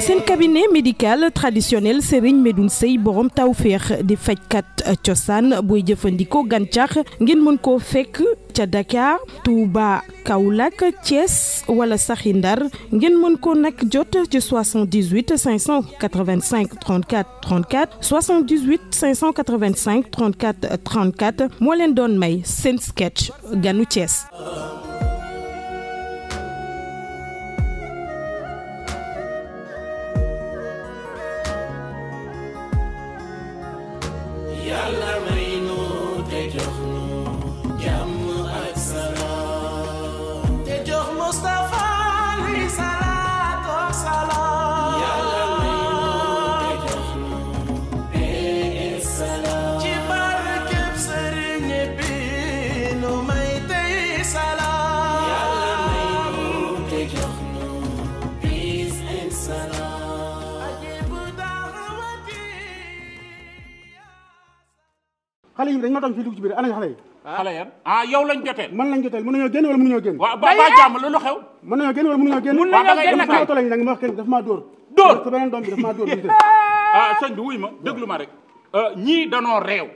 C'est un cabinet médical traditionnel Serigne Medoune Sey borom tawfeex di fajkat cosaan booy jëfandikoo gantiax ngeen mën ko fekk ca Dakar Touba Kaoulak Thiès wala Sakhindar ngeen ko nak jot ci 78 585 34 34 78 585 34 34 mo len don may sketch ganu Thiès. xale yi ma toog fii dugg bi biir ana xale yi ah. xale yan ah yow lañ jotee mën lañ jotee mën nañoo génn wala mënuñoo génn waaw ba jàmm lu xew mën nañoo génn wala mënuñoo génn mën nañoo génn kay tolañ nag ma wax kenn daf maa dóor dóor sa beneen doom bi daf maa dóor ah sëñ bi wuy ma déglu ma rek euh, ñii danoo réew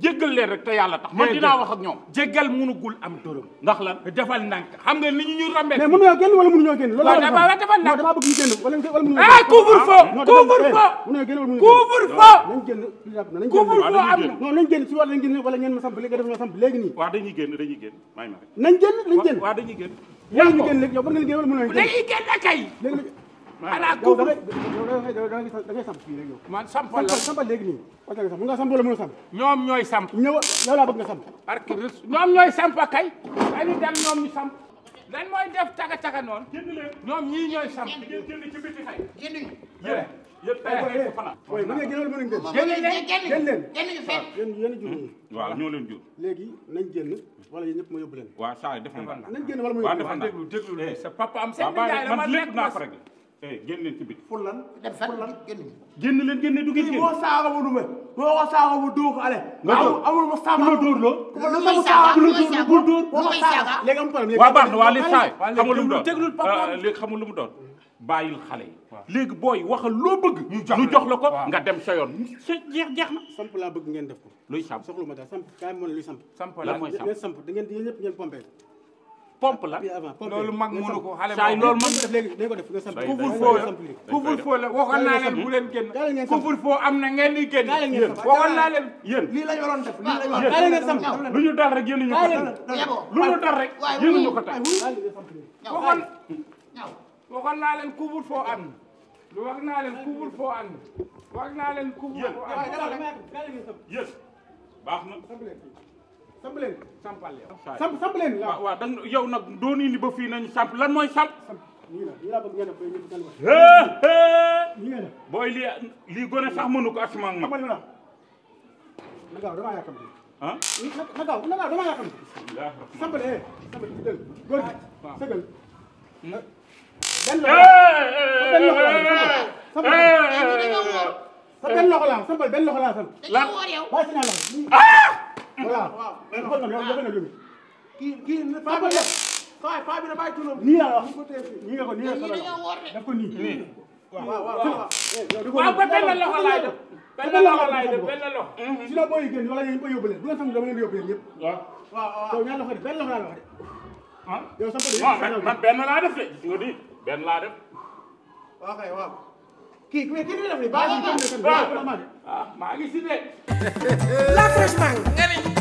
jéggal leen rek te yàlla tax man eh, dinaa wax ak ñoom jéggal mënugul am dërëm ndax lan defal ndànk xam nga ni ñu ñu rombee mais mënuñoo génn wala mënuñoo génn loolu dama defal ndànk dama bëgg ñu génn wala mënuñoo eh, ah couvre feu couvre feu couvre feu couvre feu am na non nañ génn si war nañ génn wala ñeen ma samp léegi def ñoo samp léegi nii waaw dañuy génn dañuy génn may ma nañ génn nga génn wala mënuñoo ana kubu man sampal la sampal léegi nii wala nga samp nga samp wala mënoo samp ñoom ñooy samp sam yow laa bëgg nga samp parce que ñoom ñooy samp kay dañu dem ñoom ñu samp lan mooy def caga caga noonu ñoom ñii ñooy samp génn ci biti xay génn yéen yéen ay fana way mu ngeen gënal mënu ngeen génn leen génn leen génn fenn yéen yéen jur waaw ñoo leen jur léegi nañ génn wala yéen ñëpp ma yóbbu leen waaw saa defal nañ génn wala ma yóbbu waaw defal déglu déglu naa rek eh génn leen ci biti. lan dem fenn génn. génn leen génne du ngeen génn. boo saaga ma du ma boo ko saaga ma doo ko ale. nga dóor amul ma saaga ma dóor loo. lu may saaga lu may saaga bul dóor boo ko saaga. léegi am problème waa baax na waa xamul lu mu doon euh, léegi xamul lu mu doon. bàyyil xale yi. léegi booy waxal loo bëgg. ñu jox la ko nga dem sa yoon. sa jeex jeex na. samp laa bëgg ngeen def ko. luy samp soxla daal samp kaay ma ne luy samp. samp la mooy samp da ngeen yéen ñëpp ngeen pompé pompe la loolu mag mënu ko xale saa loolu mag léegi ko def couvre-feu la waxoon naa leen bu leen génn couvre am na ngeen di génn waxoon naa leen yéen lu ñu dal rek yéen ñu ko teg lu ñu dal rek yéen ñu ko naa leen couvre-feu am naa leen couvre-feu am na wax naa na yéen baax samp leen sampal yow. samp samp leen nag doon indi ba fii nañu samp lan mooy samp. ñu ngi booy lii gone sax mënu ko asuma ak ma. na gaaw damaa yàkkamti. ah na gaaw na gaaw damaa yàkkamti. sambal eh sambal ci dël góor gi sëgal. Hmm? Eh, benn loxo la sambal benn loxo la sambal benn loxo la sambal. voilà waaw loolu jafe na jóge. kii kii paa bi la waaye paa bi la bàyyi turam. nii la wax nii nga ko nii nga ko daf ko nii. waaw waaw waaw. waaw ba eh, benn loxo laay def. benn loxo laay def benn loxo. sinon boo yi génn wala yéen boo yóbbu leen bu leen sàmm dama leen di yóbbu yéen ñëpp. waaw waaw waaw ñaar loxo def benn loxo laa la wax de. ah yow sàmm de. man benn laa def de gis nga di benn laa def. waaw kay waaw. kii kii kii bi def nii baa ngi ah, si de. ah maa ngi si de. la fraîche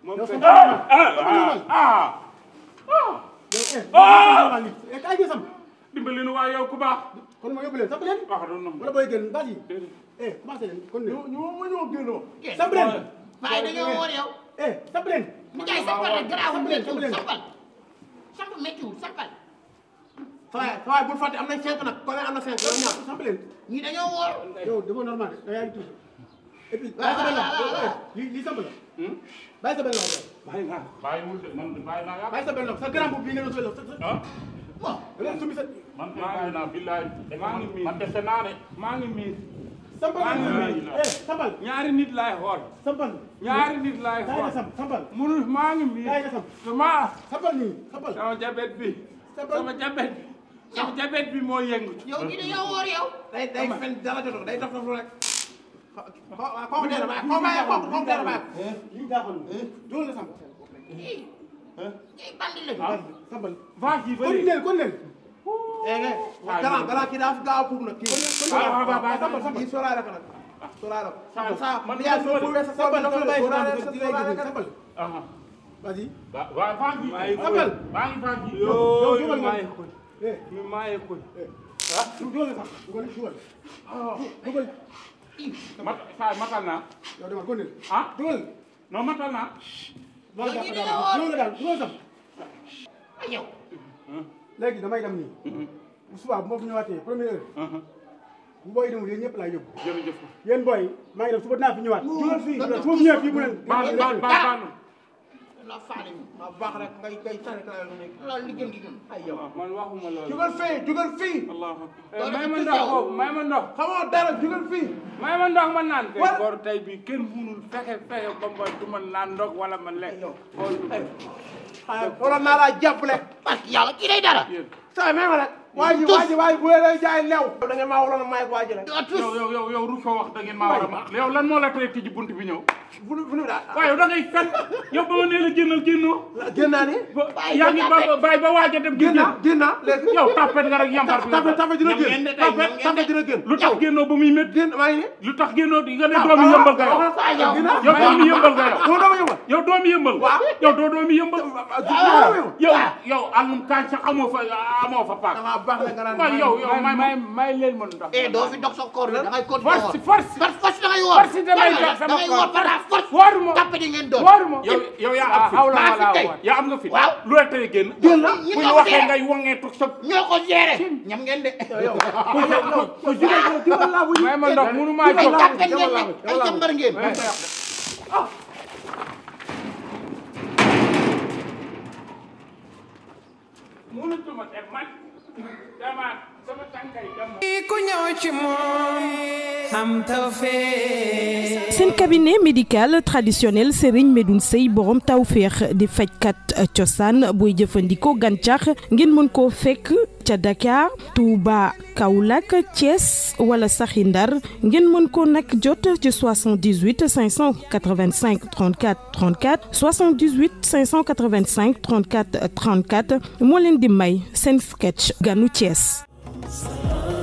moom fekk ah ah ah. ah. Eh, ah! dimbali nu waaye yow ku baax. kon ma yóbbu leen samp leen. waaw doon na mu wala booy génn baal yi. eh commencé leen kon ñu ñu ma ñoo génnoo. Eh, samp leen waaye dañoo wóor yow. eh samp leen. mi jaay sampal rek garaawul méttiwul sampal. samp méttiwul sampal. waaye waaye bul fàtte am na cinq nag. kon am na cinq ñoom ñaar samp leen. ñii dañoo wóor. yow dafa normal da ngay tuuti. sa benn loxo li li sëmb la. bàyyi sa benn loxo. bàyyi naa bàyyi naa yàlla. sa benn sa grand boubou bii nga doon sëloo. ah bon ma set. man kay bàyyi naa billaay. maa ngi miir man dese naa de. maa ngi miir. sambal maa ngi miir eh sambal. nit laay xool. sambal maa ngi miir. daa sam jabet bi. sambal jabet bi. sama jabet bi moo yëngu. yow gi de yow wóor yow. day day fen dara jotoo day dof dof rek Kooku dee na baax kooku bàyyi kooku kooku dee na baax. lii jaaxal na. doon na samba. ii. ii bandi lañu. waaw samba nag. kii waaw waaw waaw samba samba kii sóoraale ko la ko bàyyi la. vas-y. waaw waaw vache yi. maa ngi koy maa ngi vache yi. yoo yoo maa ngi koy. maa mat saa matal naa. yow demal góor ah dugal. non matal naa. loolu daal loolu daal dugal sam. yow. léegi damay dem nii. Mm-hmm. bu subaa bu ma fi ñëwaatee première heure. Mm-hmm. bu booy demul yéen ñëpp laay yóbbu. jërëjëf yéen booy maa ngi dem suba dinaa fi ñëwaat. dugal fii fii mu ne. la faale mi ma baax rek ngay ngay sànni kala yu nekk la li gën gi gën ay yow ah, man waxuma loolu jugal fii jugal fii allahu eh, may ma ndox boobu ma ndox xamoo dara jugal ma ndox ma naan kay koor tey bi kenn munul fexe fexe ba ma du ma naan ndox wala ma lekk wala naa laa jàppale parce que yàlla kii day dara saa may ma rek waa ji waa ji waa ji bu wéeree jaay lew. da ngeen maa waroon a may ak waa ji la. Ah, yow yow yow yow Rousseau wax da ngeen maa war a ma. yow lan moo la tey tijji bunt bi ñëw. bu bu nu daal waaw yow da ngay fen yow ba ma nee la génnal génnoo. génnaa ni. yaa ngi ba bàyyi ba waaj a dem. génna génna léegi. yow tapet nga rek yambar bi. tapet tapet dina génn tapet tapet dina génn. lu tax génnoo ba muy métti. génn maa ngi ne. lu tax génnoo nga ne ah, doomi yëmbal nga yow. Ah, yow doomi yëmbal nga yow. yow doomi yëmbal. waaw yow doo doomi yëmbal. yow yow alum kàncax amoo fa amoo fa paak baax na nga naan man yow yow may may may leen ma ndox. eh doo fi dox sa koor la da ngay continué woor force force. par force da ngay woor force damay dox sama koor par force. wooruma tàppe di ngeen doon wooruma. yow eh, yow yaa ah, am fi maa fi kay yaa am nga fi. waaw lu la tere génn. génn bu ñu waxee ngay wongee toog sa. ñoo ko géré ñam ngeen de. yow ku jigéen ko dimbal laa wuyu. may ma ndox munu maa jox tàppe ngeen de ay jàmbar ngeen. mënatuma teg man C'est un cabinet médical traditionnel Serigne Medoun Sey borom tawfeex di fajkat chosan. booy Fondiko, gàncax ngeen fek Tchadaka, Dakar Touba Kaolack Thiès wala saxi Ndar ngeen jot 78 585 34 34 78 585 34 34 moo leen di may sketch Ganou Thiès. Salam.